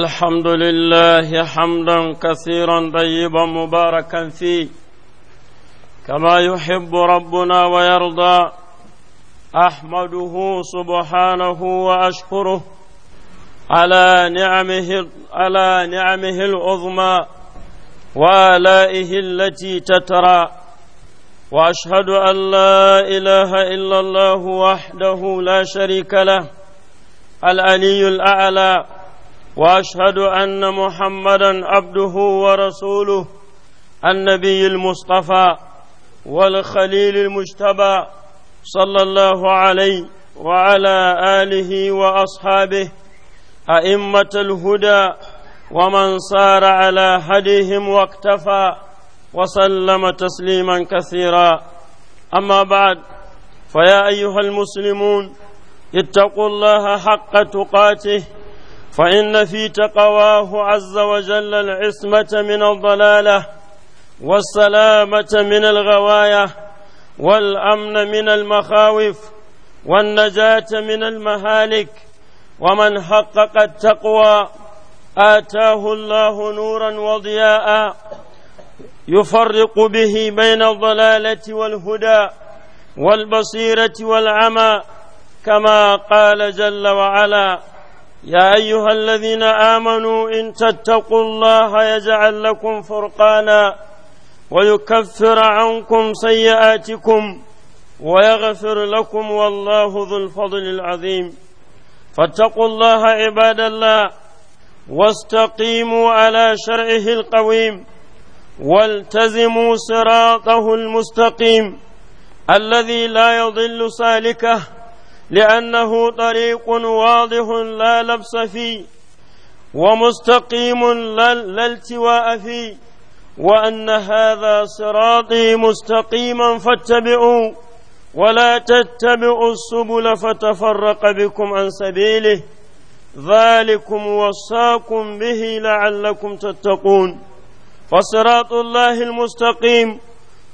الحمد لله حمدا كثيرا طيبا مباركا فيه كما يحب ربنا ويرضى احمده سبحانه واشكره على نعمه على نعمه العظمى والائه التي تترى واشهد ان لا اله الا الله وحده لا شريك له العلي الاعلى واشهد ان محمدا عبده ورسوله النبي المصطفى والخليل المجتبى صلى الله عليه وعلى اله واصحابه ائمه الهدى ومن سار على هديهم واقتفى وسلم تسليما كثيرا اما بعد فيا ايها المسلمون اتقوا الله حق تقاته فإن في تقواه عز وجل العصمة من الضلالة والسلامة من الغواية والأمن من المخاوف والنجاة من المهالك ومن حقق التقوى آتاه الله نورا وضياء يفرق به بين الضلالة والهدى والبصيرة والعمى كما قال جل وعلا يا أيها الذين آمنوا إن تتقوا الله يجعل لكم فرقانا ويكفر عنكم سيئاتكم ويغفر لكم والله ذو الفضل العظيم فاتقوا الله عباد الله واستقيموا على شرعه القويم والتزموا صراطه المستقيم الذي لا يضل سالكه لأنه طريق واضح لا لبس فيه ومستقيم لا التواء فيه وأن هذا صراطي مستقيما فاتبعوا ولا تتبعوا السبل فتفرق بكم عن سبيله ذلكم وصاكم به لعلكم تتقون فصراط الله المستقيم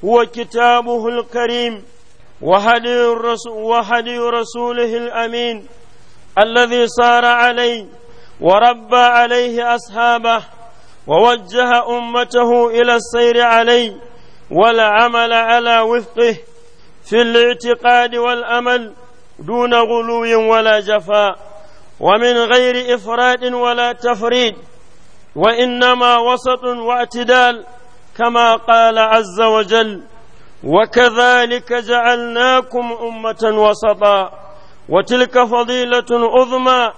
هو كتابه الكريم وهدي, الرسول وهدي رسوله الأمين الذي صار عليه وربى عليه أصحابه ووجه أمته إلى السير عليه والعمل على وفقه في الاعتقاد والأمل دون غلو ولا جفاء ومن غير إفراد ولا تفريد وإنما وسط واعتدال كما قال عز وجل وكذلك جعلناكم أمة وسطا وتلك فضيلة عظمى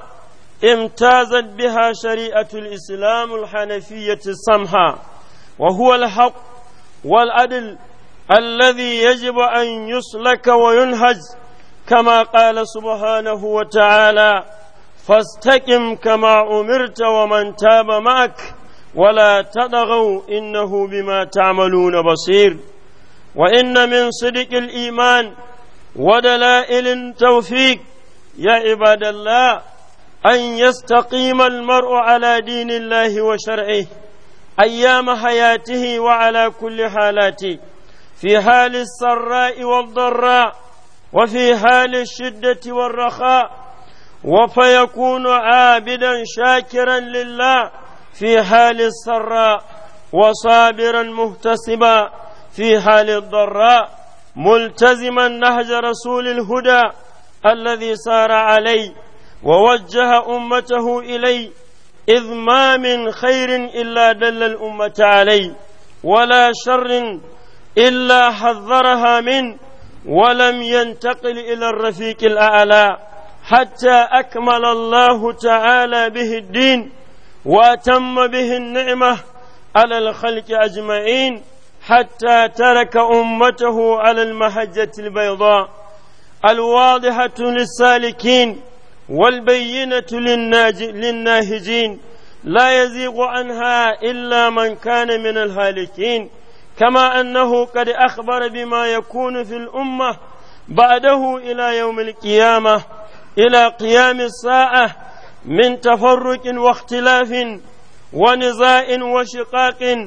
امتازت بها شريعة الإسلام الحنفية السمحة وهو الحق والعدل الذي يجب أن يسلك وينهج كما قال سبحانه وتعالى فاستقم كما أمرت ومن تاب معك ولا تدغوا إنه بما تعملون بصير وإن من صدق الإيمان ودلائل التوفيق يا عباد الله أن يستقيم المرء على دين الله وشرعه أيام حياته وعلى كل حالاته في حال السراء والضراء وفي حال الشدة والرخاء وفيكون عابدا شاكرا لله في حال السراء وصابرا مهتسبا في حال الضراء ملتزما نهج رسول الهدى الذي سار عليه ووجه أمته إليه إذ ما من خير إلا دل الأمة عليه ولا شر إلا حذرها منه ولم ينتقل إلى الرفيق الأعلى حتى أكمل الله تعالى به الدين وأتم به النعمة على الخلق أجمعين حتى ترك أمته على المحجة البيضاء الواضحة للسالكين والبينة للناهجين لا يزيغ عنها إلا من كان من الهالكين كما أنه قد أخبر بما يكون في الأمة بعده إلى يوم القيامة إلى قيام الساعة من تفرق واختلاف ونزاع وشقاق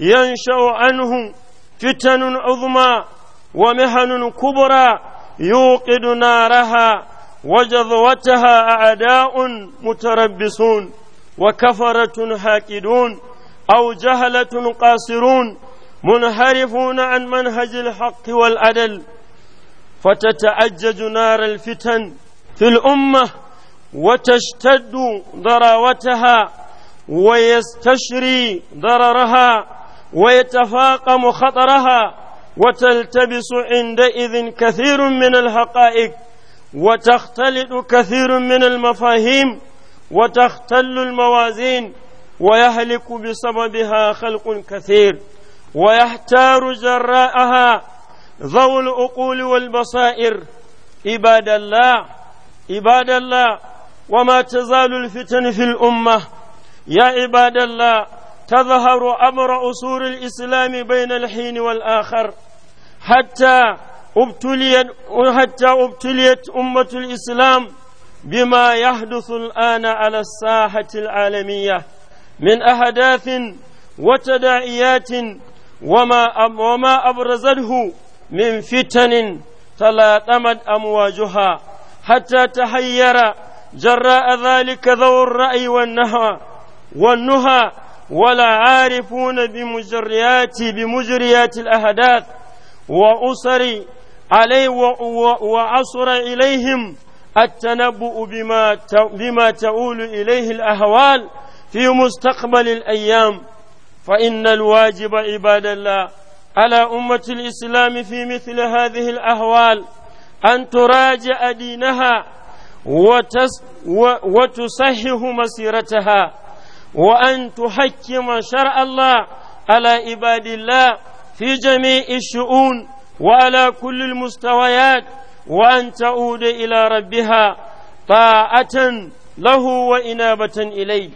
ينشا عنهم فتن عظمى ومهن كبرى يوقد نارها وجذوتها اعداء متربصون وكفره هاكدون او جهله قاصرون منحرفون عن منهج الحق والعدل فتتأجج نار الفتن في الأمة وتشتد ضراوتها ويستشري ضررها ويتفاقم خطرها وتلتبس عندئذ كثير من الحقائق وتختلط كثير من المفاهيم وتختل الموازين ويهلك بسببها خلق كثير ويحتار جراءها ذو العقول والبصائر عباد الله عباد الله وما تزال الفتن في الامه يا عباد الله تظهر أمر أصول الإسلام بين الحين والآخر حتى ابتليت حتى ابتليت أمة الإسلام بما يحدث الآن على الساحة العالمية من أحداث وتداعيات وما وما أبرزته من فتن تلاطمت أمواجها حتى تحير جراء ذلك ذو الرأي والنهى والنهى ولا عارفون بمجريات بمجريات الأحداث وأسر علي وأسر إليهم التنبؤ بما بما تؤول إليه الأهوال في مستقبل الأيام فإن الواجب عباد الله على أمة الإسلام في مثل هذه الأهوال أن تراجع دينها وتصحح مسيرتها وأن تحكم شرع الله على عباد الله في جميع الشؤون وعلى كل المستويات وأن تعود إلى ربها طاعة له وإنابة إليه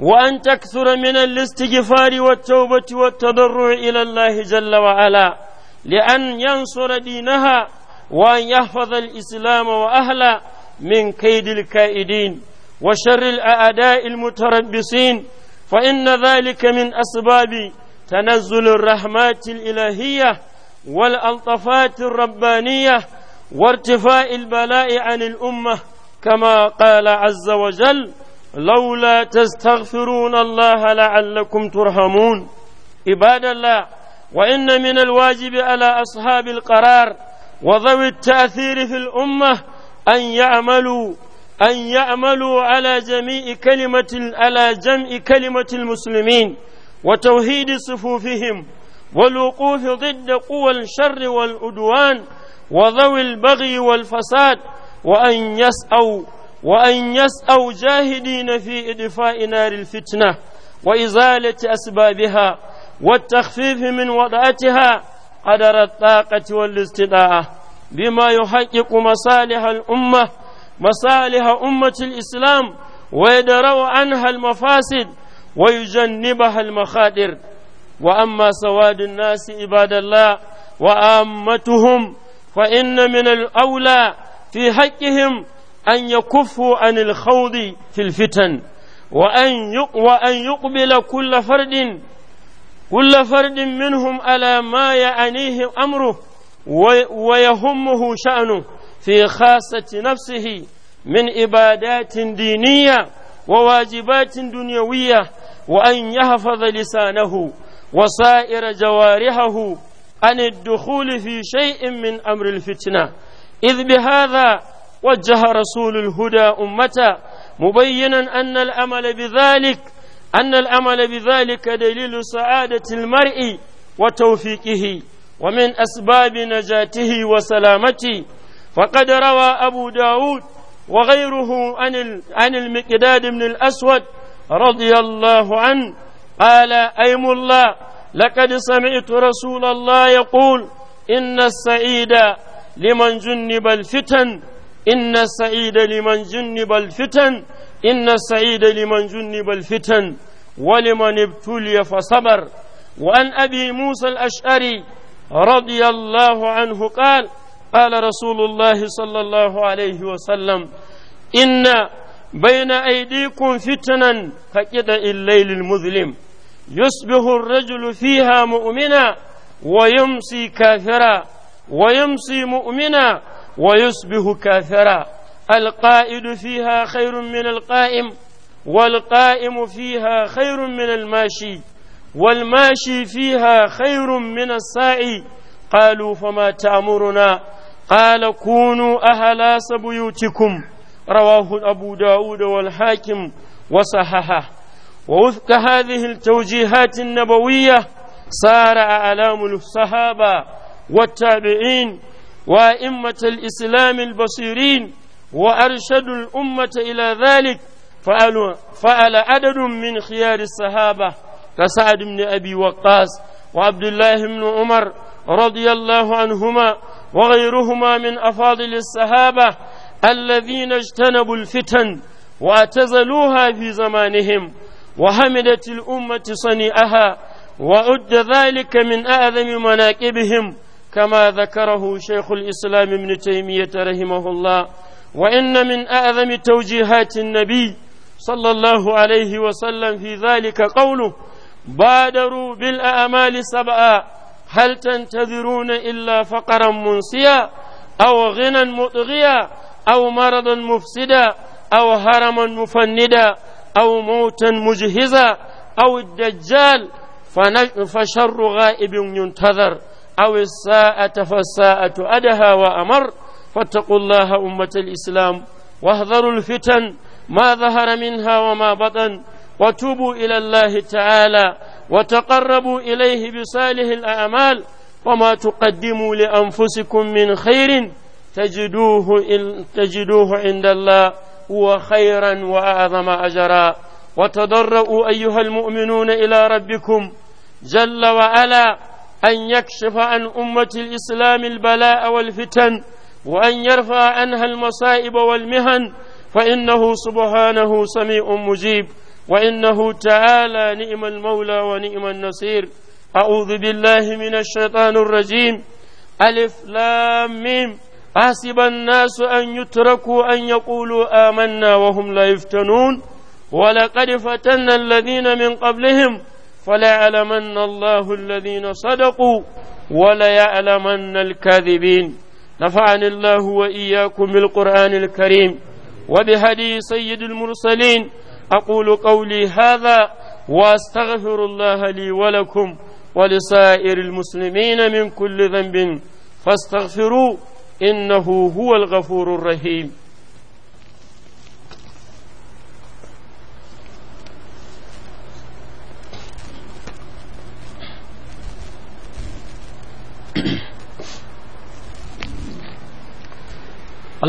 وأن تكثر من الاستغفار والتوبة والتضرع إلى الله جل وعلا لأن ينصر دينها وأن يحفظ الإسلام وأهله من كيد الكائدين وشر الأعداء المتربصين فإن ذلك من أسباب تنزل الرحمات الإلهية والألطفات الربانية وارتفاع البلاء عن الأمة كما قال عز وجل لولا تستغفرون الله لعلكم ترحمون عباد الله وإن من الواجب على أصحاب القرار وذوي التأثير في الأمة أن يعملوا أن يعملوا على جميع كلمة على جمع كلمة المسلمين وتوحيد صفوفهم والوقوف ضد قوى الشر والعدوان وذوي البغي والفساد وأن يسأوا وأن يسأوا جاهدين في إدفاء نار الفتنة وإزالة أسبابها والتخفيف من وضعتها قدر الطاقة والاستطاعة بما يحقق مصالح الأمة مصالح أمة الإسلام ويدروا عنها المفاسد ويجنبها المخاطر وأما سواد الناس عباد الله وآمتهم فإن من الأولى في حقهم أن يكفوا عن الخوض في الفتن وأن وأن يقبل كل فرد كل فرد منهم على ما يعنيه أمره ويهمه شأنه في خاصة نفسه من عبادات دينية وواجبات دنيوية وأن يحفظ لسانه وسائر جوارحه عن الدخول في شيء من أمر الفتنة إذ بهذا وجه رسول الهدى أمته مبينا أن الأمل بذلك أن الأمل بذلك دليل سعادة المرء وتوفيقه ومن أسباب نجاته وسلامته فقد روى أبو داود وغيره عن عن المقداد بن الأسود رضي الله عنه قال أيم الله لقد سمعت رسول الله يقول إن السعيد لمن جنب الفتن إن السعيد لمن جنب الفتن إن السعيد لمن جنب الفتن ولمن ابتلي فصبر وأن أبي موسى الأشعري رضي الله عنه قال قال رسول الله صلى الله عليه وسلم إن بين أيديكم فتنا كقطع الليل المظلم يصبح الرجل فيها مؤمنا ويمسي كافرا ويمسي مؤمنا ويصبح كافرا القائد فيها خير من القائم والقائم فيها خير من الماشي والماشي فيها خير من السائي قالوا فما تأمرنا قال كونوا أهلاس بيوتكم رواه أبو داود والحاكم وصححه ووفق هذه التوجيهات النبوية سارع ألام الصحابة والتابعين وأئمة الإسلام البصيرين وأرشدوا الأمة إلى ذلك فعل, فعل عدد من خيار الصحابة كسعد بن أبي وقاص وعبد الله بن عمر رضي الله عنهما وغيرهما من أفاضل الصحابة الذين اجتنبوا الفتن واعتزلوها في زمانهم وحمدت الأمة صنيعها وعد ذلك من أعظم مناكبهم كما ذكره شيخ الإسلام ابن تيمية رحمه الله وإن من أعظم توجيهات النبي صلى الله عليه وسلم في ذلك قوله بادروا بالأعمال سبعا هل تنتظرون إلا فقرا منسيا أو غنى مطغيا أو مرضا مفسدا أو هرما مفندا أو موتا مجهزا أو الدجال فشر غائب ينتظر أو الساعة فالساعة أدهى وأمر فاتقوا الله أمة الإسلام واحذروا الفتن ما ظهر منها وما بطن وتوبوا إلى الله تعالى وتقربوا إليه بصالح الأعمال وما تقدموا لأنفسكم من خير تجدوه, تجدوه عند الله هو خيرا وأعظم أجرا وتضرؤوا أيها المؤمنون إلى ربكم جل وعلا أن يكشف عن أمة الإسلام البلاء والفتن وأن يرفع عنها المصائب والمهن فإنه سبحانه سميع مجيب وإنه تعالى نئم المولى ونئم النصير أعوذ بالله من الشيطان الرجيم ألف لام ميم حسب الناس أن يتركوا أن يقولوا آمنا وهم لا يفتنون ولقد فتنا الذين من قبلهم فليعلمن الله الذين صدقوا وليعلمن الكاذبين نفعني الله وإياكم بالقرآن الكريم وبهدي سيد المرسلين أقول قولي هذا وأستغفر الله لي ولكم ولسائر المسلمين من كل ذنب فاستغفروا إنه هو الغفور الرحيم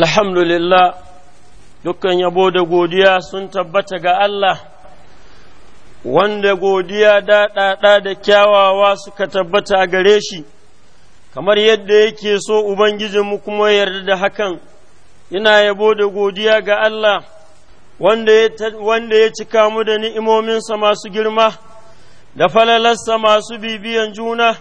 الحمد لله dukkan yabo da godiya sun tabbata ga Allah, wanda godiya daɗaɗa da kyawawa suka tabbata a gare shi, kamar yadda yake so mu kuma yarda da hakan, ina yabo da godiya ga Allah, wanda ya cika mu da ni'imominsa masu girma, da falalarsa masu bibiyan juna,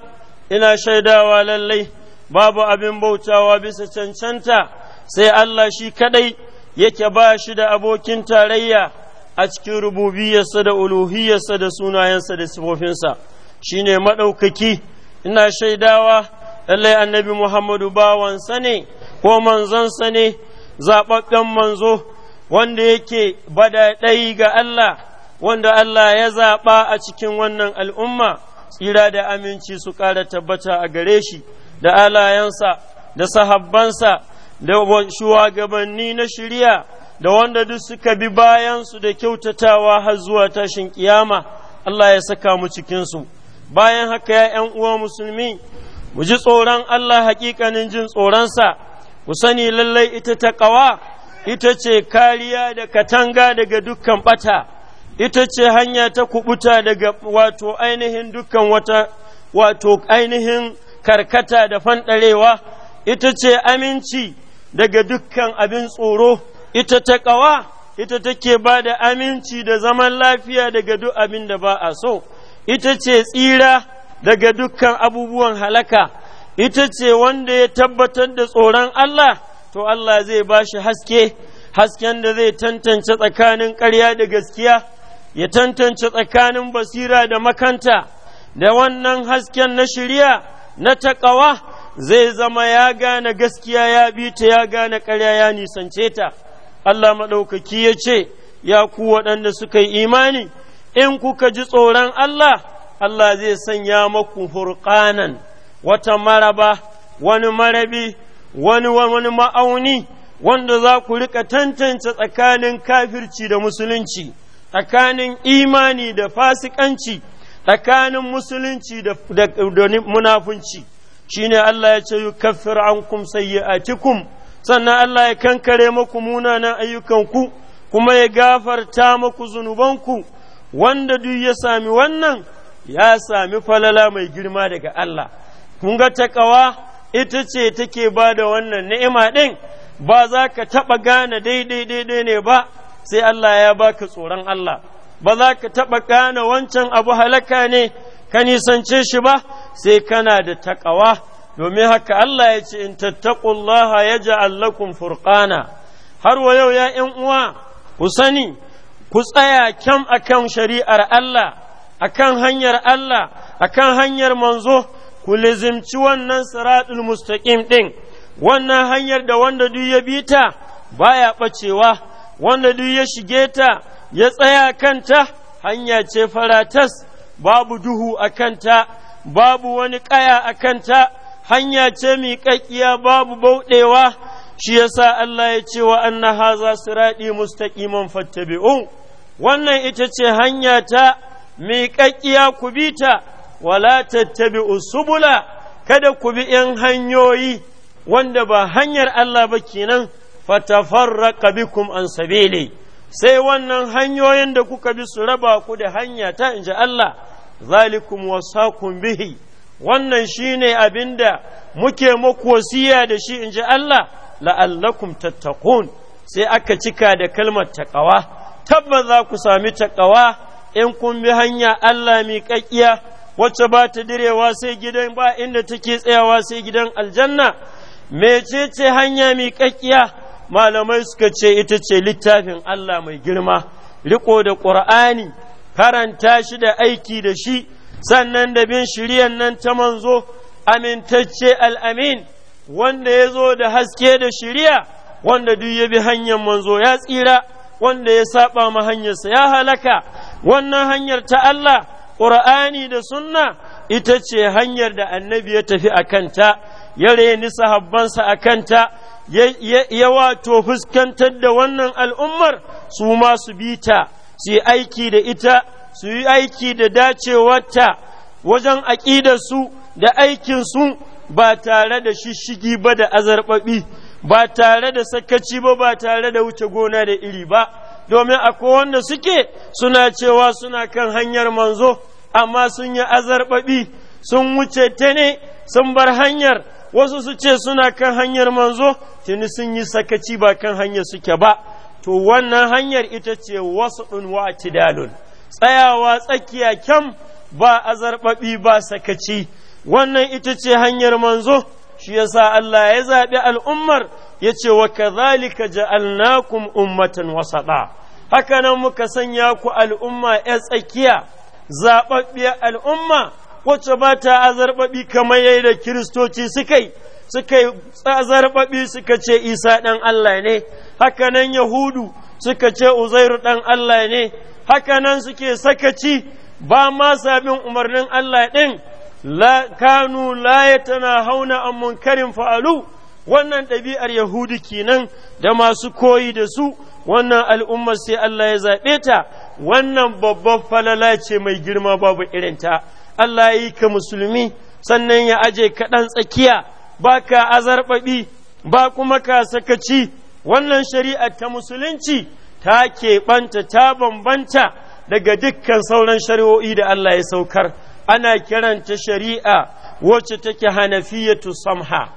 ina shaidawa lallai, babu abin bautawa bisa cancanta, sai Allah shi kaɗai. yake ba shi da abokin tarayya a cikin rububiyarsa da uluhiyarsa da sunayensa da sifofinsa ne maɗaukaki ina shaidawa lallai annabi muhammadu bawansa ne ko manzansa ne zaɓaɓɓen manzo wanda yake badaɗai ga Allah wanda Allah ya zaɓa a cikin wannan al'umma tsira da aminci su ƙara tabbata a gare shi da alayensa da sahabbansa da shugabanni na shirya da wanda duk suka bi bayan su da kyautatawa har zuwa tashin kiyama Allah ya saka mu cikinsu bayan haka ya ‘yan uwa musulmi mu ji tsoron Allah hakikanin jin tsoronsa ku sani lallai ita ta ƙawa ita ce kariya da katanga daga dukkan ɓata ita ce hanya ta kubuta daga wato ainihin dukkan wata wato ainihin karkata da fanɗarewa ita ce aminci daga dukkan abin tsoro ita ta kawa ita take ba da aminci da zaman lafiya daga duk abin da ba a so ita ce tsira daga dukkan abubuwan halaka ita ce wanda ya tabbatar da tsoron Allah to Allah zai ba shi haske hasken da zai tantance tsakanin ƙarya da gaskiya ya tantance tsakanin basira da makanta da wannan hasken na shirya na taƙawa zai zama ya gane gaskiya ya bi ta ya gane ƙarya ya nisance ta Allah maɗaukaki ya ce ya ku waɗanda suka yi imani in kuka ji tsoron Allah Allah zai sanya maku furƙanan wata maraba wani marabi wani wani ma'auni wanda za ku riƙa tantance tsakanin kafirci da musulunci tsakanin imani da fasikanci tsakanin musulunci da munafunci shine Allah ya ce yukaffir ankum sayyi'atikum sannan Allah ya kankare muku munanan ayyukanku kuma ya gafarta muku zunubanku wanda duk ya sami wannan ya sami falala mai girma daga Allah kun ga takawa ita ce take ba da wannan ni'ima ɗin ba za ka taɓa gane daidai daidai ne ba sai Allah ya baka tsoron Allah ba za ka taɓa gane wancan abu halaka ne ka nisance shi ba sai kana da taƙawa domin haka Allah ya ce in ya ja lakum furqana har wa yau ya ƴan uwa ku sani ku tsaya kyam akan shari'ar Allah akan hanyar Allah akan hanyar manzo ku lizimci wannan siratul mustaqim ɗin wannan hanyar da wanda duk ya bi ta baya ɓacewa wanda duk ya shige ta ya tsaya kanta hanya ce faratas babu duhu a kanta babu wani ƙaya a kanta hanya ce miƙaƙƙiya babu bauɗewa shi yasa Allah ya ce wa anna haza raɗi mustaqiman fattabi'un wannan ita ce hanya ta miƙaƙƙiya ku bi ta wala tattabi'u subula kada ku bi ‘yan hanyoyi wanda ba hanyar Allah ba kenan fatafarraqa bikum an sabili sai wannan hanyoyin da kuka bi su raba ku da hanya ta inji Allah zalikum wasakum bihi wannan shine abinda muke muku wasiya da shi in ji Allah la'allakum tattaqun sai aka cika da kalmar taqawa tabbas za ku sami taqawa in kun bi hanya Allah mi kakkiya wacce ba ta direwa sai gidan ba inda take tsayawa sai gidan aljanna mecece hanya mi kakkiya malamai suka ce ita ce littafin Allah mai girma riko da Qur'ani karanta shi da aiki da shi sannan da bin shiryan nan ta manzo amintacce al'amin wanda ya zo da haske da shirya wanda duk ya bi hanyar manzo ya tsira wanda ya saba ma hanyarsa ya halaka wannan hanyar ta Allah ƙur'ani da sunna ita ce hanyar da annabi ya tafi a kanta ya reni sahabbansa a kanta ya wato fuskantar da wannan al'ummar su ma su bita su yi aiki da ita su yi aiki da dacewarta wajen aƙidarsu da aikinsu ba tare da shishigi ba da azarɓaɓi ba tare da sakaci ba ba tare da wuce gona da iri ba domin akwai wanda suke suna cewa suna kan hanyar manzo amma sun yi azarɓaɓi sun wuce ta ne sun bar hanyar wasu su ce suna kan hanyar manzo tuni sun yi sakaci ba kan hanyar suke ba to wannan hanyar ita ce wasu ɗin wa tidalun tsayawa tsakiya kyam ba zarɓaɓi ba sakaci wannan ita ce hanyar manzo shi yasa Allah ya zaɓi al'ummar ya ce wa kazalika ja'alnakum ummatan wasaɗa haka nan muka sanya ku al'umma ya tsakiya zaɓaɓɓiyar al'umma wacce ba ta zarɓaɓi kamar yayi da kiristoci suka yi suka yi suka ce isa ɗan Allah ne hakanan yahudu suka ce uzairu ɗan Allah ne hakanan suke sakaci ba ma sabin umarnin Allah ɗin la kanu la yatana hauna an munkarin fa'alu wannan ɗabi'ar yahudu kenan da masu koyi da su wannan al'ummar sai Allah ya zaɓe ta wannan babban falala ce mai girma babu ta Allah ya yi ka musulmi sannan ya aje kaɗan tsakiya ba ka azarɓaɓi ba kuma ka sakaci wannan shari'a ta musulunci ta keɓanta ta bambanta daga dukkan sauran shari'o'i da Allah ya saukar ana kiranta shari'a wacce take hanafiyatu samha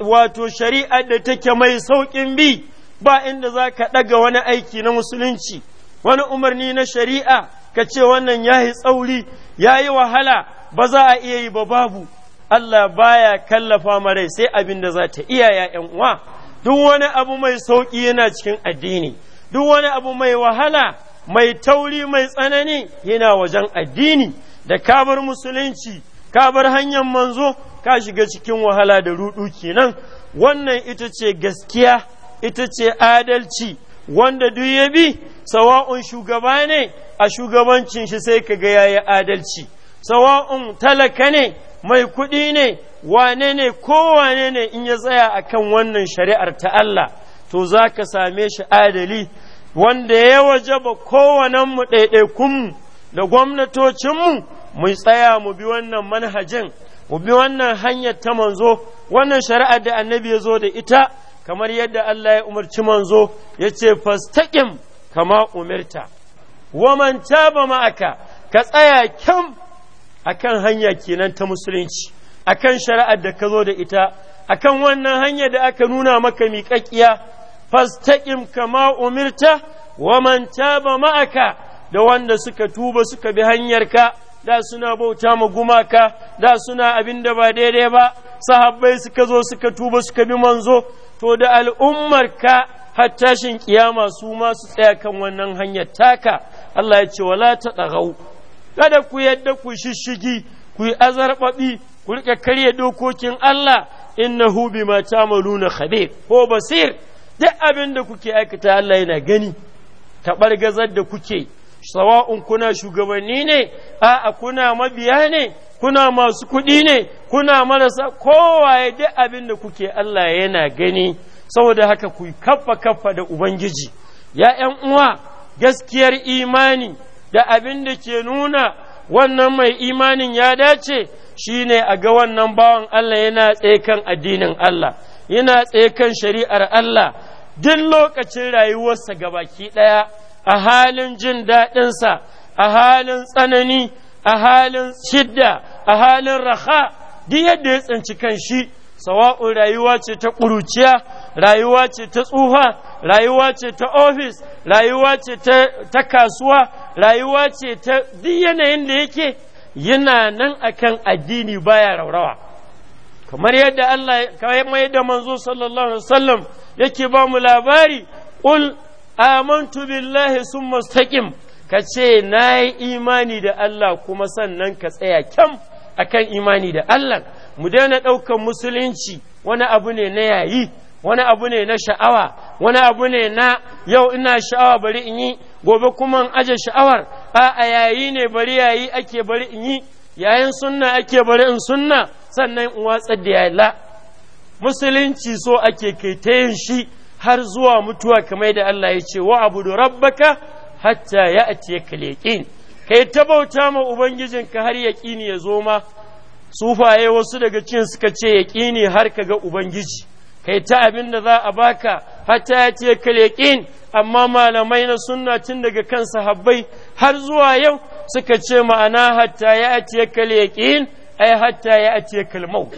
wato shari'a da take mai sauƙin bi ba inda za ka ɗaga wani aiki na musulunci wani umarni na shari'a ka ce wannan ya yi tsauri ya yi wahala ba za a iya yi ba babu Allah baya kallafa marai sai abin da za ta iya ‘ya'yan uwa. duk wani abu mai sauƙi yana cikin addini duk wani abu mai wahala mai tauri mai tsanani yana wajen addini da kabar musulunci kabar hanyar manzo ka shiga cikin wahala da rudu kenan wannan ita ce gaskiya ita ce adalci wanda duk ya bi sawa'un shugaba ne a shugabancin shi sai ka ga yayi adalci sawa'un talaka ne mai kuɗi ne wane ne kowane ne in ya tsaya a kan wannan shari'ar ta Allah to za ka same shi adali wanda ya waje wajaba kowanenmu ɗaiɗaikunmu da gwamnatocinmu mu tsaya mu bi wannan manhajin mu bi wannan hanyar ta manzo wannan shari'ar da annabi ya zo da ita kamar yadda Allah ya umarci manzo ya ce fastaƙim kama umirta waman ba ma'aka ka tsaya kyam akan hanya kenan ta musulunci akan shari'ar da ka zo da ita akan wannan hanyar da aka nuna maka miƙaƙƙiya fastaqim kama umirta wa man taba ma'aka da wanda suka tuba suka bi hanyarka da suna bauta ma gumaka da suna abin da ba daidai ba sahabbai suka zo suka tuba suka bi manzo to da ka har tashin kiyama su ma su tsaya kan wannan hanyar taka Allah ya ce wala ta ɗagau kada ku yadda ku shishigi ku yi azarɓaɓi. ku rika karya dokokin Allah innahu bima ta'maluna khabir ko basir duk abin da kuke aikata Allah yana gani tabar gazar da kuke sawa'un kuna shugabanni ne a'a kuna mabiya ne kuna masu kuɗi ne kuna marasa kowaye duk abin da kuke Allah yana gani saboda haka ku kaffa kaffa da ubangiji ya ’yan uwa gaskiyar imani da abin da ke nuna wannan mai imanin ya dace Shi ne a ga wannan bawan Allah yana tsekan addinin Allah yana tsekan shari'ar Allah duk lokacin rayuwarsa gabaki ɗaya a halin jin daɗinsa a halin tsanani a halin shidda a halin raha duk yadda ya tsinci kan shi sawa'un rayuwa ce ta ƙuruciya rayuwa ce ta tsuha, rayuwa ce ta ofis rayuwa ce ta kasuwa rayuwa ce ta duk yanayin da yake yana nan akan addini baya raurawa kamar yadda Allah kamar da manzo sallallahu alaihi wasallam yake ba mu labari qul amantu billahi summa istaqim ka ce na imani da Allah kuma sannan ka tsaya kyam akan imani da Allah mu daina ɗaukar musulunci wani abu ne na yayi wani abu ne na sha'awa wani abu ne na yau ina sha'awa bari in yi gobe kuma in aje sha'awar a yayi ne bari yayi ake bari in yi yayin sunna ake bari in sunna sannan in watsar da yayi la musulunci so ake kai ta yin shi har zuwa mutuwa kamar da Allah ya ce wa abudu rabbaka hatta ya atiya kai ta bauta ma ubangijinka har yaƙini ya zo ma sufaye wasu daga cikin suka ce yaƙini har kaga ubangiji kai ta abin da za a baka hatta ya ce kalekin amma malamai na sunna tun daga kan sahabbai har zuwa yau suka ce ma'ana hatta ya ce kalekin ai hatta ya ce kalmau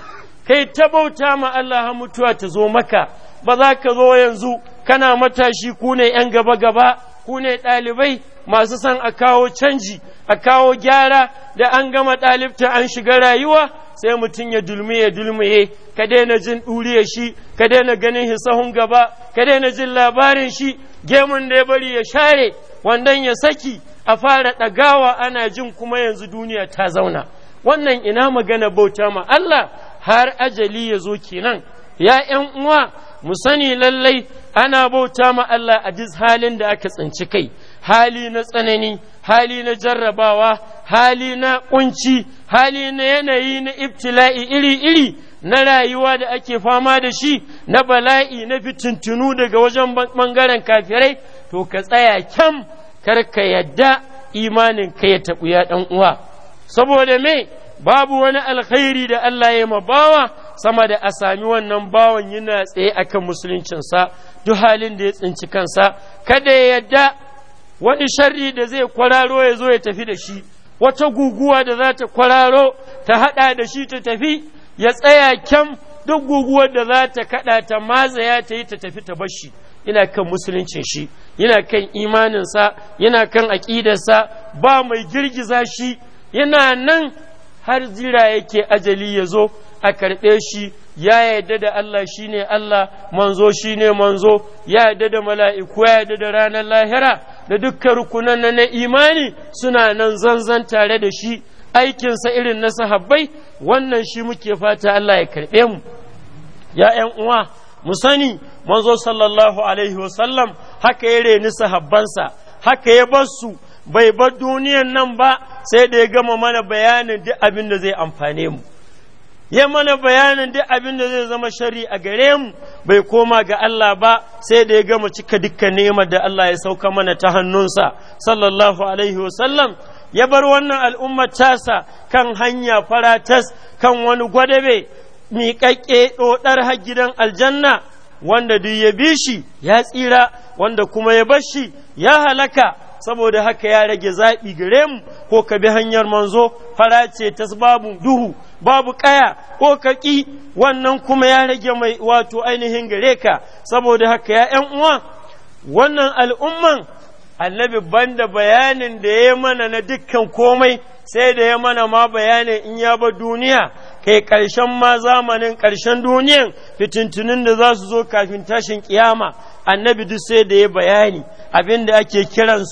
kai ta bauta ma Allah har mutuwa ta zo maka ba za ka zo yanzu kana matashi ku ne ‘yan gaba-gaba, ku ne ɗalibai masu san a kawo canji, a kawo gyara da an gama ɗalibta an shiga rayuwa, sai mutum ya dulmiye dulmiye eh, ka daina jin ɗuriya shi ka daina ganin hisahun gaba ka daina jin labarin shi gemun da ya bari ya share wandan ya saki a fara ɗagawa ana jin kuma yanzu duniya ta zauna wannan ina magana bauta ma Allah har ajali ya zo kenan ya ’yan uwa mu sani lallai ana bauta ma Allah a duk halin da aka tsinci kai hali na tsanani hali na jarrabawa hali na kunci hali na yanayi na ibtila'i iri-iri na rayuwa da ake fama da shi na bala'i na fitintunu daga wajen ɓangaren kafirai to ka tsaya kyam kar ka yadda imanin ka ya taɓu ya ɗan uwa saboda me babu wani alkhairi da Allah ya ma bawa sama da a sami wannan bawan yana tsaye akan musuluncinsa duk halin da ya tsinci kansa kada ya yadda wani sharri da zai kwararo ya zo ya tafi da shi wata guguwa da za ta kwararo ta haɗa da shi ta tafi ya tsaya kyam duk guguwar da za ta kaɗa ta mazaya ta yi ta tafi ta bashi yana kan musuluncin shi yana kan imaninsa yana kan aƙidarsa ba mai girgiza shi yana nan har jira yake ajali ya zo a karɓe shi ya yarda da Allah shine Allah manzo shine manzo ya yarda da mala'iku ya yarda da ranar lahira da dukkan rukunan na imani suna nan zanzan tare da shi aikinsa irin na sahabbai wannan shi muke fata Allah ya karɓe mu ya ‘yan uwa mu sani manzo sallallahu alaihi wasallam haka ya reni sahabbansa haka ya bar su bai bar duniyan nan ba sai da ya gama mana bayanin duk abin da zai amfane mu ya mana bayanin duk abin da zai zama shari a gare mu bai koma ga Allah ba sai da ya gama cika dukkan nema da Allah ya sauka mana ta hannunsa sallallahu alaihi wasallam ya bar wannan al'ummar tasa kan hanya faratas kan wani gwadabe miƙaƙe ɗoɗar har gidan aljanna wanda duk ya bi shi ya tsira wanda kuma ya bar shi ya halaka saboda haka ya rage zaɓi gare mu ko ka bi hanyar manzo fara ce ta babu duhu babu ƙaya ko ka ƙi wannan kuma ya rage mai wato ainihin gare ka saboda haka ya ‘yan uwa wannan al'umman annabi banda bayanin da ya mana na dukkan komai sai da ya mana ma bayanin in ya ba duniya kai karshen ma zamanin ƙarshen duniyan fitintunin da za su zo kafin tashin ƙiyama annabi duk sai da ya bayani abin da ake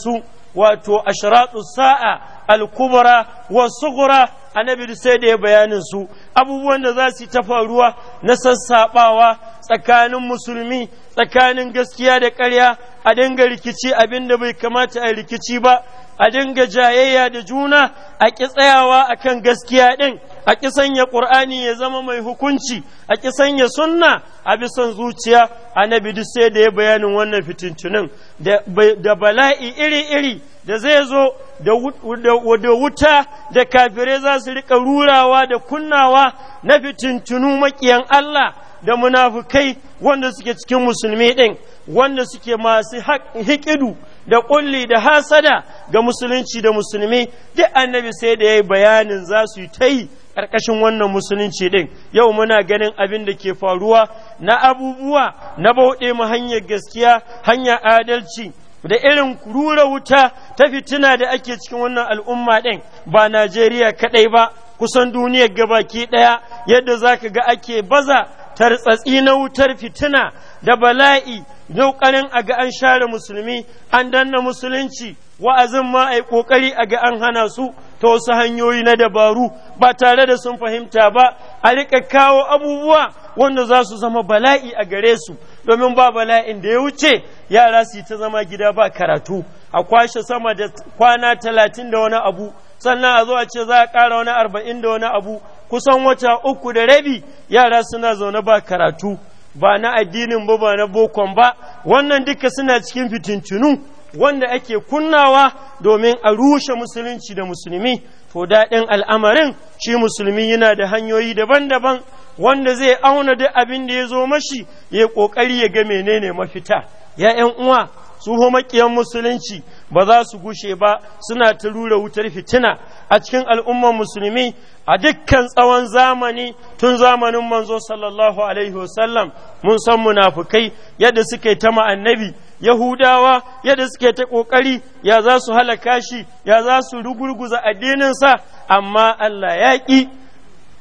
su wato ashratu sa'a al-kubra wa sughra annabi duk sai da ya bayanin su abubuwan da za su ta faruwa na sassabawa tsakanin musulmi tsakanin gaskiya da ƙarya a dinga rikici abin da bai kamata a rikici ba a dinga jayayya da juna a ƙi tsayawa akan gaskiya ɗin a ƙi sanya ƙur'ani ya zama mai hukunci a ƙi sanya sunna a bisan zuciya annabi duk sai da ya bayanin wannan fitintunin da bala'i iri-iri da zai zo da wuta da kafirai za su riƙa rurawa da kunnawa na fitintunu makiyan Allah da munafukai wanda suke cikin musulmi din wanda suke masu hikidu da ƙulli da hasada ga musulunci da musulmi duk annabi sai da ya yi bayanin za su yi ta ƙarƙashin wannan musulunci ɗin yau muna ganin abin da ke faruwa na abubuwa na bauɗe mu hanyar gaskiya hanyar adalci da irin rura wuta ta fitina da ake cikin wannan al'umma ɗin ba Najeriya kaɗai ba kusan duniyar gabaki ɗaya yadda za ka ga ake baza tartsatsi na wutar fitina da bala'i yau a ga an share musulmi an danna musulunci wa'azin ma a yi ƙoƙari a ga an hana su ta wasu hanyoyi na dabaru ba tare da sun fahimta ba a riƙa kawo abubuwa wanda za su zama bala'i a gare su domin ba bala'in da ya wuce yara su ta zama gida ba karatu a kwashe sama da kwana talatin da wani abu sannan a zo a ce za a ƙara wani arba'in da wani abu kusan wata uku da rabi yara suna zaune ba karatu ba na addinin ba ba na bokon ba wannan duka suna cikin fitintunu wanda ake kunnawa domin a rushe musulunci da musulmi to daɗin al'amarin shi musulmi yana da hanyoyi daban-daban wanda zai auna duk abin da ya zo mashi ya ƙoƙari ya ga menene mafita Ya'yan uwa su maƙiyan musulunci ba za su gushe ba suna ta rura wutar fitina a cikin al'ummar musulmi a dukkan tsawon zamani tun zamanin manzo sallallahu alaihi wasallam mun san munafukai yadda suka yi ta ma'annabi yahudawa yadda suke ta ƙoƙari ya za su halaka shi ya za su rugurguza addininsa amma Allah ya ƙi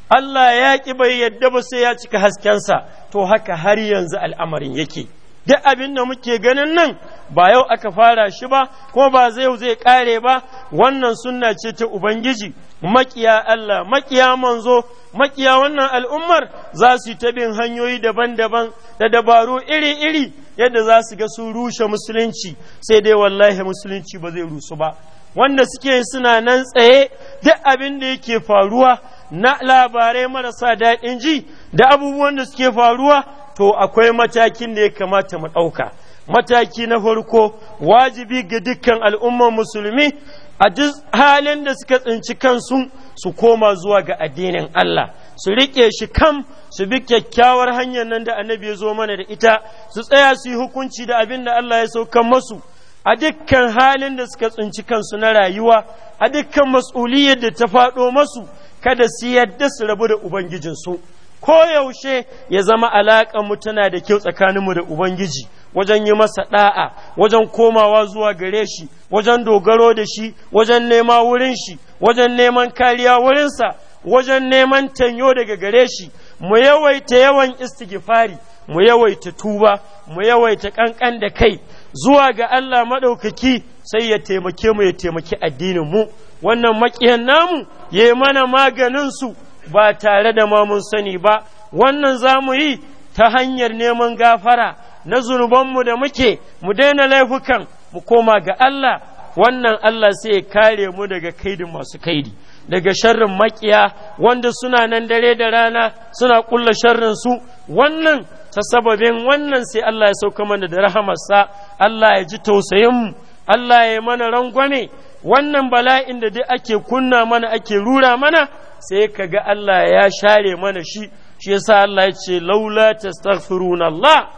Allah ya ƙi bai yadda ba sai ya cika haskensa to haka har yanzu al'amarin yake duk abin da muke ganin nan ba yau aka fara shi ba kuma ba zai zai ƙare ba wannan sunna ce ta ubangiji makiya Allah makiya manzo maƙiya wannan al'ummar za su yi ta bin hanyoyi daban-daban da dabaru iri-iri yadda za su ga sun rushe musulunci sai dai wallahi musulunci ba zai rusu ba wanda suke suna nan tsaye duk abin da yake faruwa na labarai marasa daɗin ji da abubuwan da suke faruwa to akwai matakin da ya kamata mu ɗauka mataki na farko wajibi ga dukkan al'ummar musulmi a duk halin da suka tsinci kansu su koma zuwa ga addinin Allah su riƙe shi kam su bi kyakkyawar hanyar nan da annabi ya zo mana da ita su tsaya su yi hukunci da abin da Allah ya sauka masu a dukkan halin da suka tsinci kansu na rayuwa a dukkan mas'uliyar da ta faɗo masu kada su yadda su rabu da ubangijinsu ko yaushe ya zama alaƙar mu tana da kyau tsakaninmu da ubangiji wajen yi masa ɗa'a wajen komawa zuwa gare shi wajen dogaro da shi wajen nema wurin shi wajen neman kariya wurinsa wajen neman tanyo daga gare shi mu yawaita yawan istighfari mu yawaita tuba mu yawaita kankan da kai zuwa ga Allah maɗaukaki sai ya taimake mu ya taimaki addinin mu wannan makiyan namu ya yi mana maganin su ba tare da ma mun sani ba wannan za mu yi ta hanyar neman gafara na zunuban mu da muke mu daina laifukan mu koma ga Allah wannan Allah sai ya kare mu daga kaidin masu kaidi daga sharrin makiya wanda suna nan dare da rana suna kulla sharrin su wannan ta sababin wannan sai Allah ya sauka mana da rahamarsa Allah ya ji tausayin mu Allah ya mana rangwame wannan bala'in da dai ake kunna mana ake rura mana sai ka ga Allah ya share mana shi shi yasa Allah ya ce laula tastaghfiruna Allah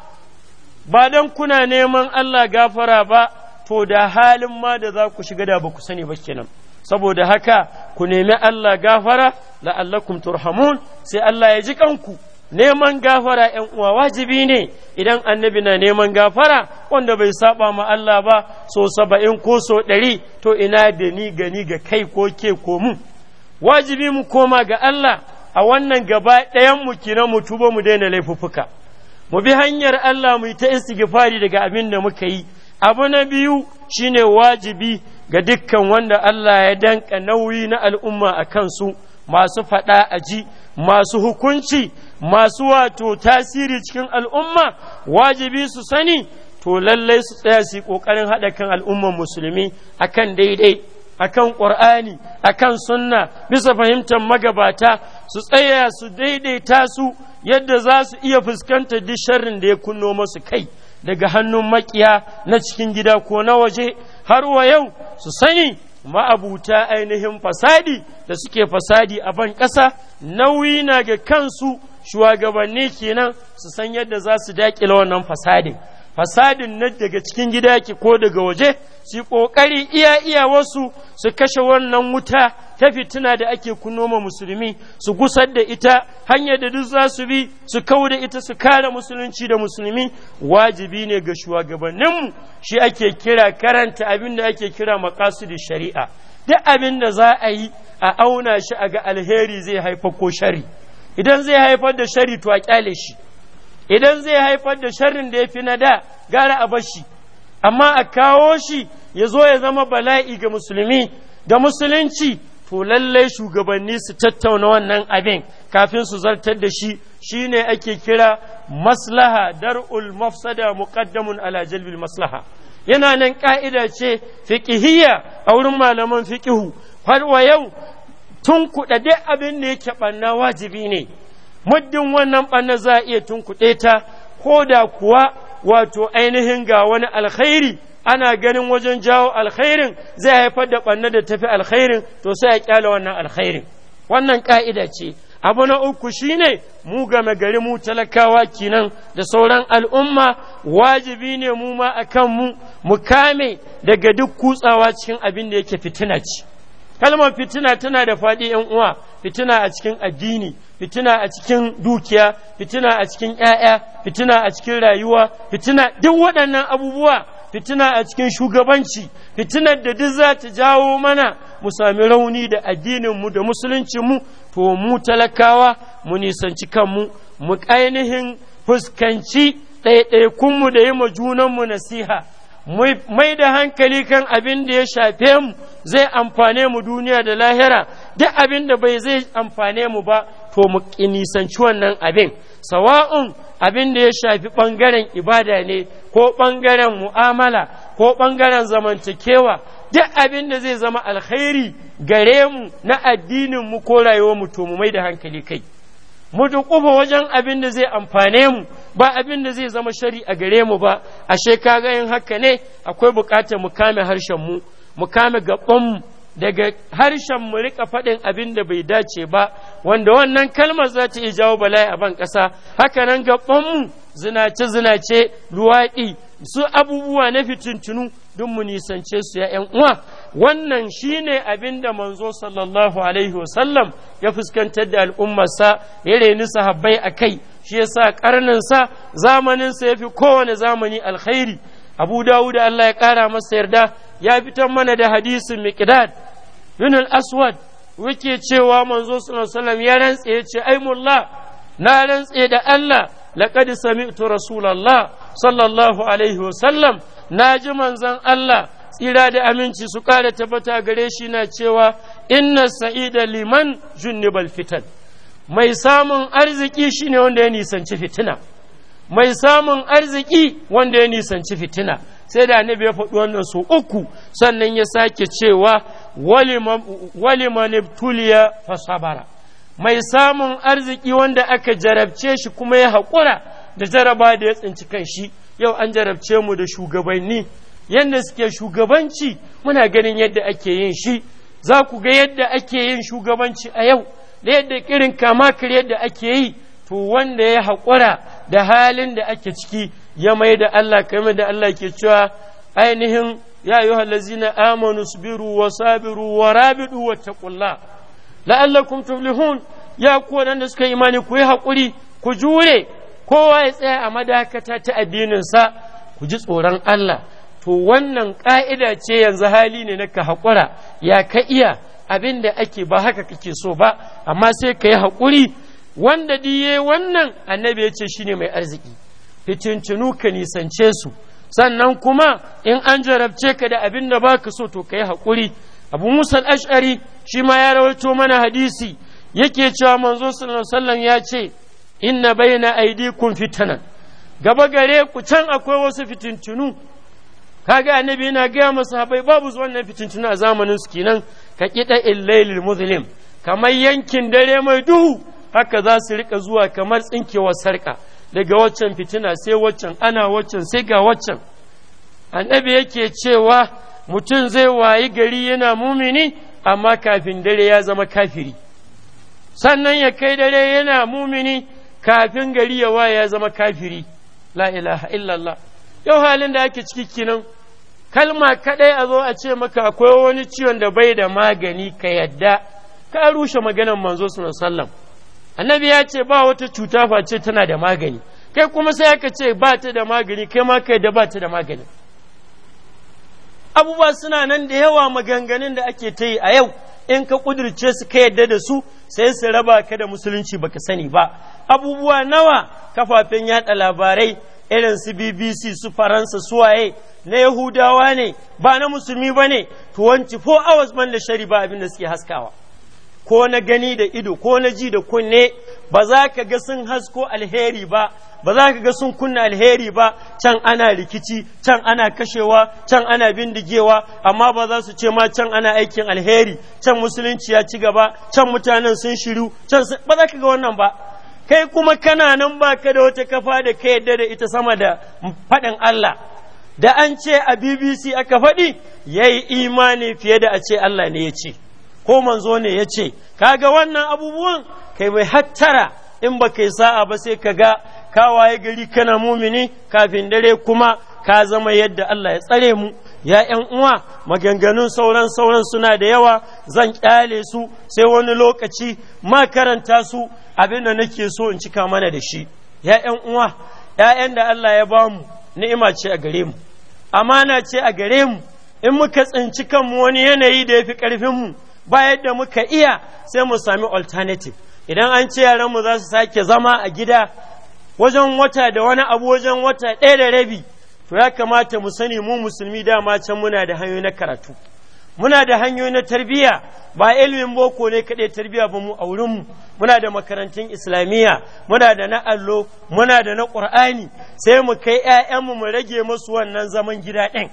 ba dan kuna neman Allah gafara ba to da halin ma da za ku shiga da ba ku sani ba kenan saboda haka ku nemi Allah gafara la'allakum turhamun sai Allah ya ji kanku neman gafara ‘yan uwa wajibi ne idan annabi na neman gafara wanda bai saba ma Allah ba so saba'in ko so ɗari to ina da ni gani ga kai ko ke ko mu wajibi mu koma ga Allah a wannan gaba ɗayan mu kina mu tuba mu daina laifuffuka mu bi hanyar Allah mu yi ta istighfari daga abin da muka yi abu na biyu shine wajibi ga dukkan wanda Allah ya danka nauyi na al'umma a kansu masu faɗa a ji masu hukunci masu wato tasiri cikin al'umma wajibi su sani to lallai su tsaya su kokarin ƙoƙarin haɗa kan al'umman musulmi akan daidai akan ƙur'ani akan sunna bisa fahimtar magabata su tsaya su daidaita su yadda za su iya fuskantar duk sharrin da ya kunno masu kai daga hannun makiya na cikin gida ko na waje har wa yau su sani ma'abuta ainihin fasadi da suke fasadi a ban ƙasa nauyi na ga kansu shugabanni kenan su san yadda za su daƙila wannan fasadin fasadin nan daga cikin gida ki ko daga waje su ƙoƙari iya iya wasu su kashe wannan wuta ta fitina da ake kuno ma musulmi su gusar da ita hanyar da duk za su bi su kau da ita su kare musulunci da musulmi wajibi ne ga shugabanninmu shi ake kira karanta abin da ake kira da shari'a duk abin da za a yi a auna shi a ga alheri zai haifa ko shari idan zai haifar da shari to a kyale shi idan zai haifar da sharrin da ya fi na da gara a bashi amma a kawo shi ya zo ya zama bala'i ga musulmi da musulunci to lallai shugabanni su tattauna wannan abin kafin su zartar da shi shine ake kira maslaha dar'ul mafsada muqaddamun ala maslaha yana nan ka'ida ce fiqhiyya a wurin malaman fiqihu har wa yau tun kuɗaɗe abin ne yake ɓanna wajibi ne muddin wannan ɓanna za a iya tunkuɗe ta ko da kuwa wato ainihin ga wani alkhairi ana ganin wajen jawo alkhairin zai haifar da ɓanna da tafi alkhairin to sai a kyale wannan alkhairin wannan ƙa'ida ce abu na uku shine mu game gari mu talakawa kinan da sauran al'umma wajibi ne mu ma a mu mu kame daga duk kutsawa cikin abin da yake fitina ce kalmar fitina tana da faɗi uwa fitina a cikin addini fitina a cikin dukiya fitina a cikin ‘ya'ya fitina a cikin rayuwa fitina duk waɗannan abubuwa fitina a cikin shugabanci fitinar da duk za ta jawo mana mu sami rauni da addinin mu da musuluncinmu to mu talakawa mu nisanci kanmu mu ainihin fuskanci ɗaiɗaikunmu da yi ma junanmu nasiha mai da hankali kan abin da ya shafe mu zai amfane mu duniya da lahira duk abin da bai zai amfane mu ba to mu nisanci wannan abin sawa'un abin da ya shafi ɓangaren ibada ne ko ɓangaren mu'amala ko ɓangaren zamantakewa duk abin da zai zama alkhairi gare mu na addinin mu ko rayuwar mu to mu mai da hankali kai mu duƙufa wajen abin da zai amfane mu ba abin da zai zama shari a gare mu ba ashe kaga yin haka ne akwai bukatar mu kame harshen mu mu kame gaban mu daga harshen mu rika faɗin abin da bai dace ba wanda wannan kalmar za ta iya jawo bala'i a ban ƙasa haka nan gaban mu zinace zinace luwaɗi su abubuwa na fitintunu duk mu nisance su ya yan uwa wannan shine abin da manzo sallallahu alaihi wasallam ya fuskantar da al'ummarsa ya reni sahabbai a kai shi yasa karninsa zamaninsa ya fi kowane zamani alkhairi abu dawud Allah ya ƙara masa yarda ya fitar mana da hadisin miqdad bin al-aswad wake cewa manzo sallallahu alaihi ya rantse ce ai na rantse da Allah laqad sami'tu rasulullah sallallahu alaihi wasallam ji manzon Allah tsira da aminci su ƙara tabbata gare shi na cewa inna sa'ida liman junnibal fitan mai samun arziki shine wanda ya nisanci fitina mai samun arziki wanda ya nisanci fitina sai da annabi ya faɗi wannan su uku sannan ya sake cewa waliman ibtuliya fasabara mai samun arziki wanda aka jarabce shi kuma ya haƙura da jaraba da ya tsinci kan shi yau an jarabce mu da shugabanni yadda suke shugabanci muna ganin yadda ake yin shi za ku ga yadda ake yin shugabanci a yau da yadda irin kama kare da ake yi to wanda ya haƙura da halin da ake ciki ya mai da Allah kame da Allah ke cewa ainihin ya yi na amanu biru wa sabiru wa rabidu wa taƙulla la'allakum tuflihun ya ku da suka imani ku yi haƙuri ku jure kowa ya tsaya a madakata ta addininsa ku ji tsoron Allah to wannan ƙa'ida ce yanzu hali ne na ka haƙura ya ka iya abin da ake ba haka kake so ba amma sai ka yi haƙuri wanda diye wannan annabi ya ce shine mai arziki fitincinu ka nisance su sannan kuma in an jarabce ka da abin da baka so to ka yi haƙuri abu musa ash'ari shi ma ya rawaito mana hadisi yake cewa manzo sallallahu ya ce inna baina aidikum fitanan gaba gare ku can akwai wasu fitintunu kaga annabi yana gaya masu habai babu su wannan fitintuna a zamanin su kenan ka kiɗa illailil muslim kamar yankin dare mai duhu haka za su rika zuwa kamar tsinkewar sarka daga waccan fitina sai waccan ana waccan sai ga waccan annabi yake cewa mutum zai wayi gari yana mumini amma kafin dare ya zama kafiri sannan ya kai dare yana mumini kafin gari ya waye ya zama kafiri la ilaha illallah yau halin da ake ciki kinan kalma kaɗai a zo a ce maka akwai wani ciwon da bai da magani ka yadda ka rushe maganan manzo sallam annabi ya ce ba wata cuta face tana da magani kai kuma sai aka ce ba ta da magani kai ma kai da ba ta da magani abubuwa suna nan da yawa maganganun da ake ta yi a yau in ka kudirce su ka yadda da su sai su raba ka da musulunci baka sani ba abubuwa nawa kafafen yada labarai irin su BBC su Faransa su waye na Yahudawa ne ba na musulmi ba ne 24 hours man da shari ba abin da suke haskawa ko na gani da ido ko na ji da kunne ba za ka ga sun hasko alheri ba ba za ka ga sun kunna alheri ba can ana rikici can ana kashewa can ana bindigewa amma ba za su ce ma can ana aikin alheri can musulunci ya ci gaba can mutanen sun shiru can ba za ka ga wannan ba kai kuma kana nan ba ka da wata kafa da ka yadda da ita sama da faɗin Allah da an ce a BBC aka faɗi ya yi imani fiye da a ce Allah ne ya ce ko manzo ne ya ce kaga wannan abubuwan kai mai hattara in ba kai sa'a ba sai ka ga ka waye gari kana mumini kafin dare kuma ka zama yadda Allah ya tsare mu ya ‘yan uwa maganganun sauran sauran suna da yawa zan ƙyale su sai wani lokaci ma karanta su abinda nake so in cika mana da shi ya ‘yan uwa ‘ya'yan da Allah ya ba mu ni'ima ce a gare mu amana ce a gare mu in muka tsinci kanmu wani yanayi da ya fi ƙarfinmu ba yadda muka iya sai mu sami alternative idan an ce yaranmu za su sake zama a gida wajen wata da wani abu wajen wata ɗaya da rabi to ya kamata mu sani mu musulmi dama can muna da hanyoyi na karatu muna da hanyoyi na tarbiyya ba ilimin boko ne kaɗai tarbiyya ba mu a wurinmu muna da makarantun islamiyya muna da na allo muna da na ƙur'ani sai mu kai 'ya'yanmu mu rage masu wannan zaman gida ɗin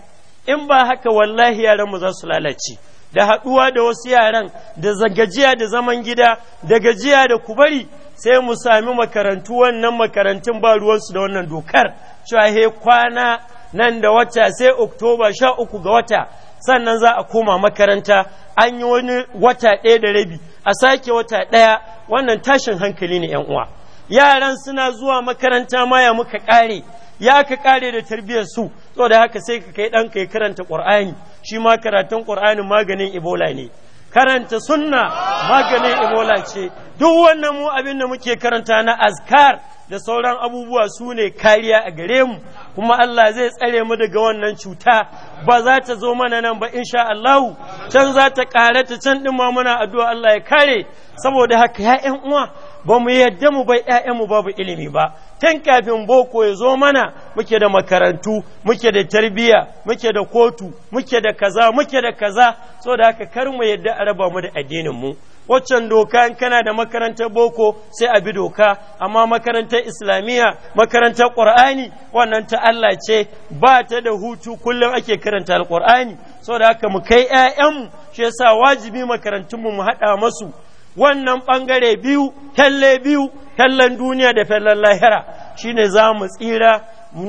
in ba haka wallahi yaranmu za su lalace da haɗuwa da wasu yaran da gajiya da zaman gida da gajiya da kubari sai mu sami makarantu wannan makarantun ba ruwansu da wannan dokar cewa he kwana nan da wata sai oktoba sha uku ga wata sannan za a koma makaranta an yi wani wata ɗaya da rabi a sake wata ɗaya wannan tashin hankali ne yan uwa yaran suna zuwa makaranta ma ya muka ƙare ya ka ƙare da tarbiyyar su to da haka sai ka kai ɗanka ya karanta ƙur'ani shi ma karatun ƙur'anin maganin ebola ne karanta sunna maganin ebola ce duk wannan mu abin da muke karanta na azkar da sauran abubuwa su ne kariya a gare mu kuma Allah zai tsare mu daga wannan cuta ba za ta zo mana nan ba insha Allah can za ta kare ta can din ma muna addu'a Allah ya kare saboda haka ya uwa ba mu yadda mu bai ‘ya'yanmu babu ilimi ba, tun kafin boko ya zo mana muke da makarantu, muke da tarbiyya, muke da kotu, muke da kaza, muke da kaza, so da haka kar mu yadda a raba mu da addininmu. Waccan doka in kana da makarantar boko sai a bi doka, amma makarantar islamiyya, makarantar ƙur'ani wannan ta Allah ce ba ta da hutu kullum ake karanta al alƙur'ani, so da haka mu kai ‘ya'yanmu shi yasa wajibi makarantunmu mu haɗa masu wannan ɓangare biyu talle biyu tallan duniya da tallan lahira shine za mu tsira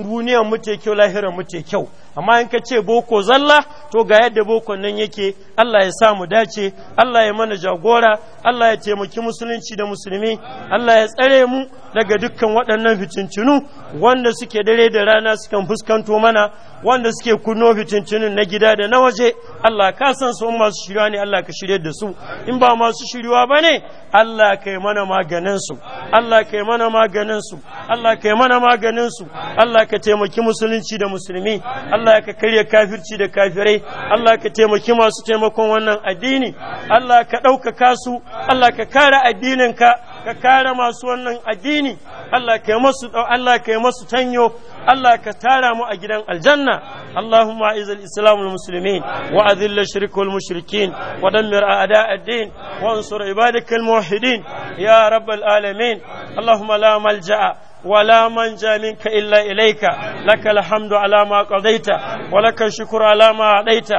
duniyar mu ce kyau lahira mu kyau amma in ka ce boko zalla to ga yadda bokon nan yake Allah ya sa mu dace Allah ya mana jagora Allah ya taimaki musulunci da musulmi Allah ya tsare mu daga dukkan waɗannan fitincinu wanda suke dare da rana suke fuskanto mana wanda suke kunno fitincinin na gida da na waje Allah ka san su masu shirya ne Allah ka shirye da su in ba masu shiriwa ba ne Allah ka yi mana maganin su Allah ka mana maganin su Allah ka mana maganin su Allah ka taimaki musulunci da musulmi Allah ka karya kafirci da kafirai Allah ka taimaki masu taimakon wannan addini Allah ka ɗaukaka su Allah ka kara addininka ka kara masu wannan addini Allah ka yi masu Allah ka yi masu tanyo Allah ka tara mu a gidan aljanna اللهم أعز الإسلام والمسلمين وأذل الشرك والمشركين ودمر أعداء الدين وانصر عبادك الموحدين ya رب alamin اللهم لا ملجأ ولا منجا منك إلا إليك لك الحمد على ما قضيت ولك الشكر على ما أعطيت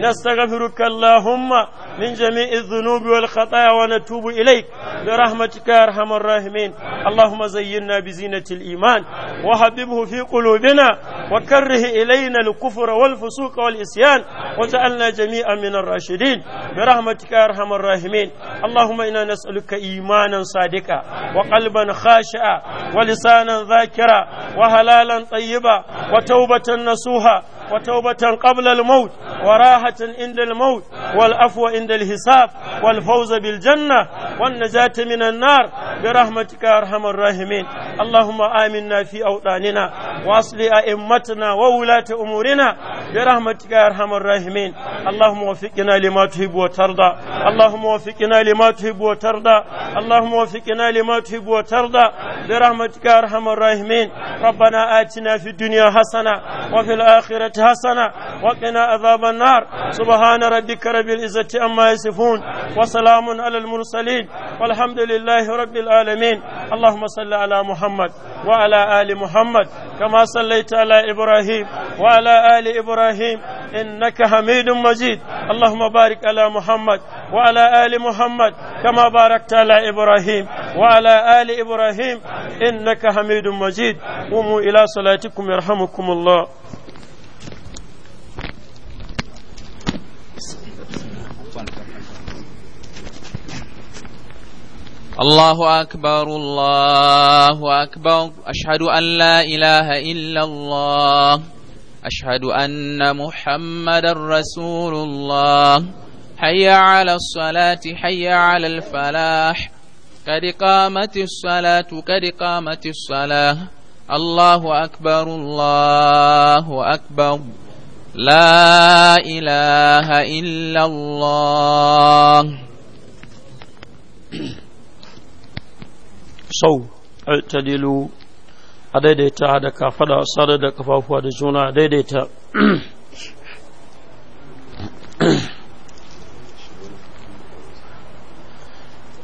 نستغفرك اللهم من جميع الذنوب والخطايا ونتوب إليك برحمتك يا أرحم الراحمين اللهم زينا بزينة الإيمان وحببه في قلوبنا وكره إلينا الكفر والفسوق والإسيان وجعلنا جميعا من الراشدين برحمتك يا أرحم الراحمين اللهم إنا نسألك إيمانا صادقا وقلبا خاشعا ولسانا لسانا ذاكرا وهلالا طيبا وتوبة نصوحا وتوبة قبل الموت وراحة عند الموت والعفو عند الحساب والفوز بالجنة والنجاة من النار برحمتك أرحم الراحمين اللهم آمنا في أوطاننا وأصل أئمتنا وولاة أمورنا برحمتك أرحم الراحمين اللهم وفقنا لما تحب وترضى اللهم وفقنا لما تحب وترضى اللهم وفقنا لما تحب وترضى برحمتك يا ارحم الراحمين ربنا آتنا في الدنيا حسنة وفي الآخرة حسنة وقنا عذاب النار سبحان ربك رب العزة عما يصفون وسلام على المرسلين والحمد لله رب العالمين اللهم صل على محمد وعلى آل محمد كما صليت على إبراهيم وعلى آل إبراهيم إنك حميد مجيد مجيد اللهم بارك على محمد وعلى آل محمد كما باركت على إبراهيم وعلى آل إبراهيم إنك حميد مجيد قوموا إلى صلاتكم يرحمكم الله الله أكبر الله أكبر أشهد أن لا إله إلا الله أشهد أن محمد رسول الله حي على الصلاة حي على الفلاح قد قامت الصلاة قد قامت الصلاة الله أكبر الله أكبر لا إله إلا الله صو اعتدلوا adaidaita ada da kafada sada da kafafuwa da juna a daidaita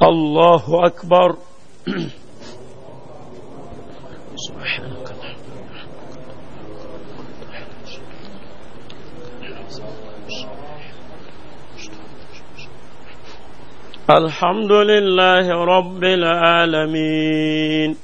الله أكبر سبحانك الحمد لله رب العالمين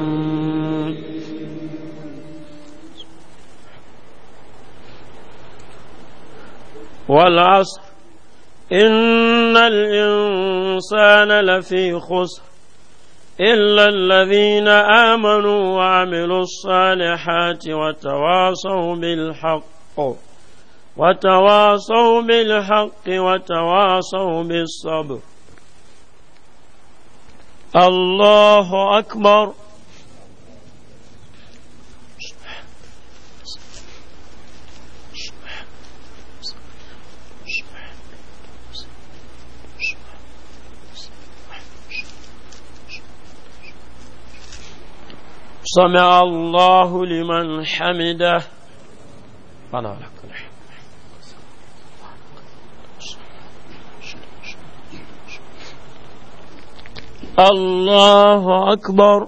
والعصر إن الإنسان لفي خسر إلا الذين آمنوا وعملوا الصالحات وتواصوا بالحق وتواصوا بالحق وتواصوا بالصبر الله أكبر سمع الله لمن حمده ربنا ولك الله أكبر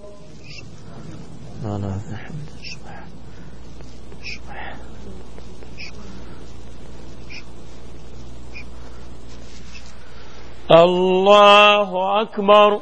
الله أكبر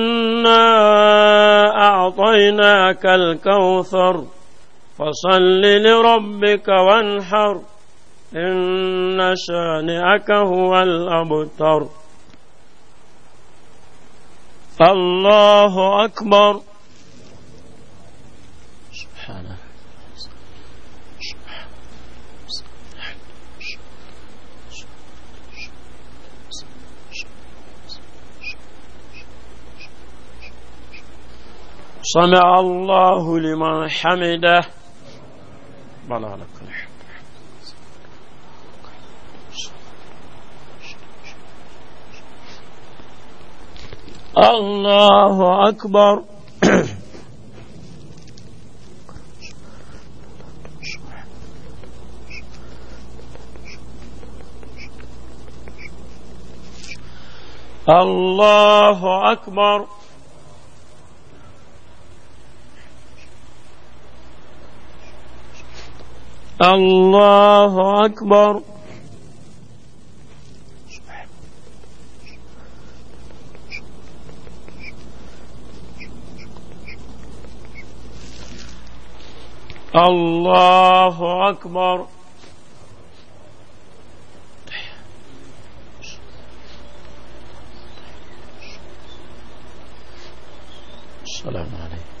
لك الكوثر فصل لربك وانحر إن شانئك هو الأبتر الله أكبر سمع الله لمن حمده بلا لك الحمد الله أكبر الله أكبر الله أكبر الله أكبر السلام عليكم